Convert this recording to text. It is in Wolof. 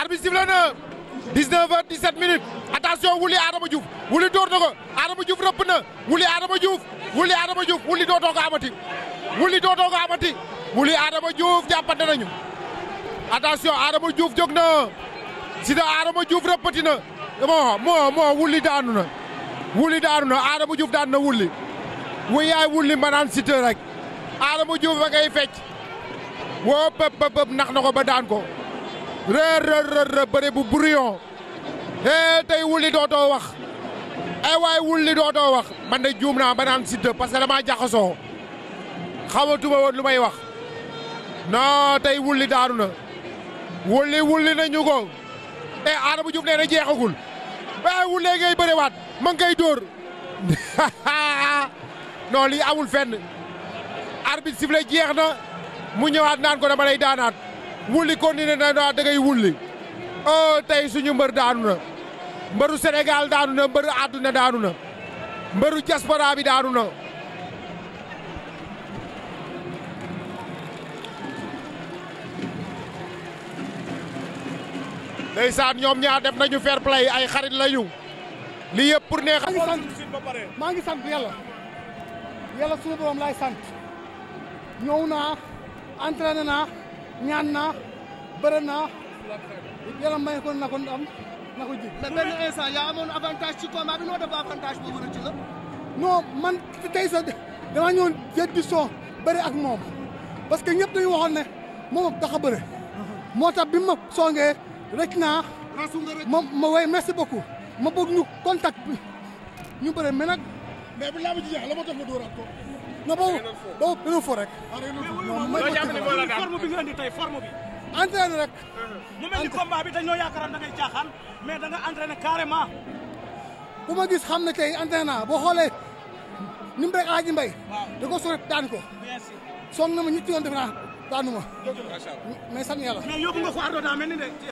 arbitre sifflé na 19 heures 17 minutes attention Wouly Adama Diouf Wouly door na ko Adama Diouf rëpp na Wouly Adama Diouf Wouly Adama Diouf Wouly dootoo amati Wouly dootoo amati Wouly Adama Diouf jàppante nañu attention Adama Diouf jóg na Siteu Adama Diouf rëppati na moo moo moo Wouly daanu na Wouly daanu na Adama Diouf daanu na Wouly wuy yaay Wouly ma naan Siteu rek Adama Diouf ba ngay woo pëp pëp pëp nax ko ba daan ko rër rër rër bëre bu brouillon eh tey wulli dootoo wax ay eh, waay wulli dootoo wax man de juum naa ba naan Siteu parce que damaa jaxasoo xamatuma woon lu may wax non tey wulli daanu na wulli wulli nañu ko eh Adama Diouf nee na jeexagul waaye eh, wullee ngay bëriwaat ma ngi koy dóor non lii amul fenn arbitre sifflé jeex na mu ñëwaat naan ko dama lay daanaat. wulli continué na da ngay wulli oh tey suñu mbër daanu na mbëru Sénégal daanu na mbëru àdduna daanu na mbëru diaspora bi daanu na ndeysaan ñoom ñaar def nañu fair play ay xarit lañu li yëpp pour neexal maa ngi sant yàlla yàlla suñu borom laay sant ñëw naa entraîné naa ñaan naa bëri naa yàlla may ko na ko am na ko ji. mais benn instant yaa amoon avantage ci combat bi noo def avantage boobu rëcc la. non man tey sax damaa ñëwoon jël du soo bëri ak moom parce que ñëpp dañu waxoon ne moom tax a bëri. moo tax bi ma songee rëcc naa. ma ma way merci beaucoup. ma bëgg ñu contact bi ñu bëri mais nag. mais bu laa la moo tax nga dóoraat ko. non boobu boobu dañoo fo rek. non mooy forme bi nga indi tey bi. entraîné rek. mu mel ni combat bi dañoo yaakaaroon da ngay caaxaan mais da nga entraîné carrément. bu ma gis xam ne tey entraîné naa boo xoolee ni be rek Aladji Mbaye. da ko sori daan ko. bien sûr na ma ñetti yoon defe daanu ma. macha allah mais ko Ardo daa mel ni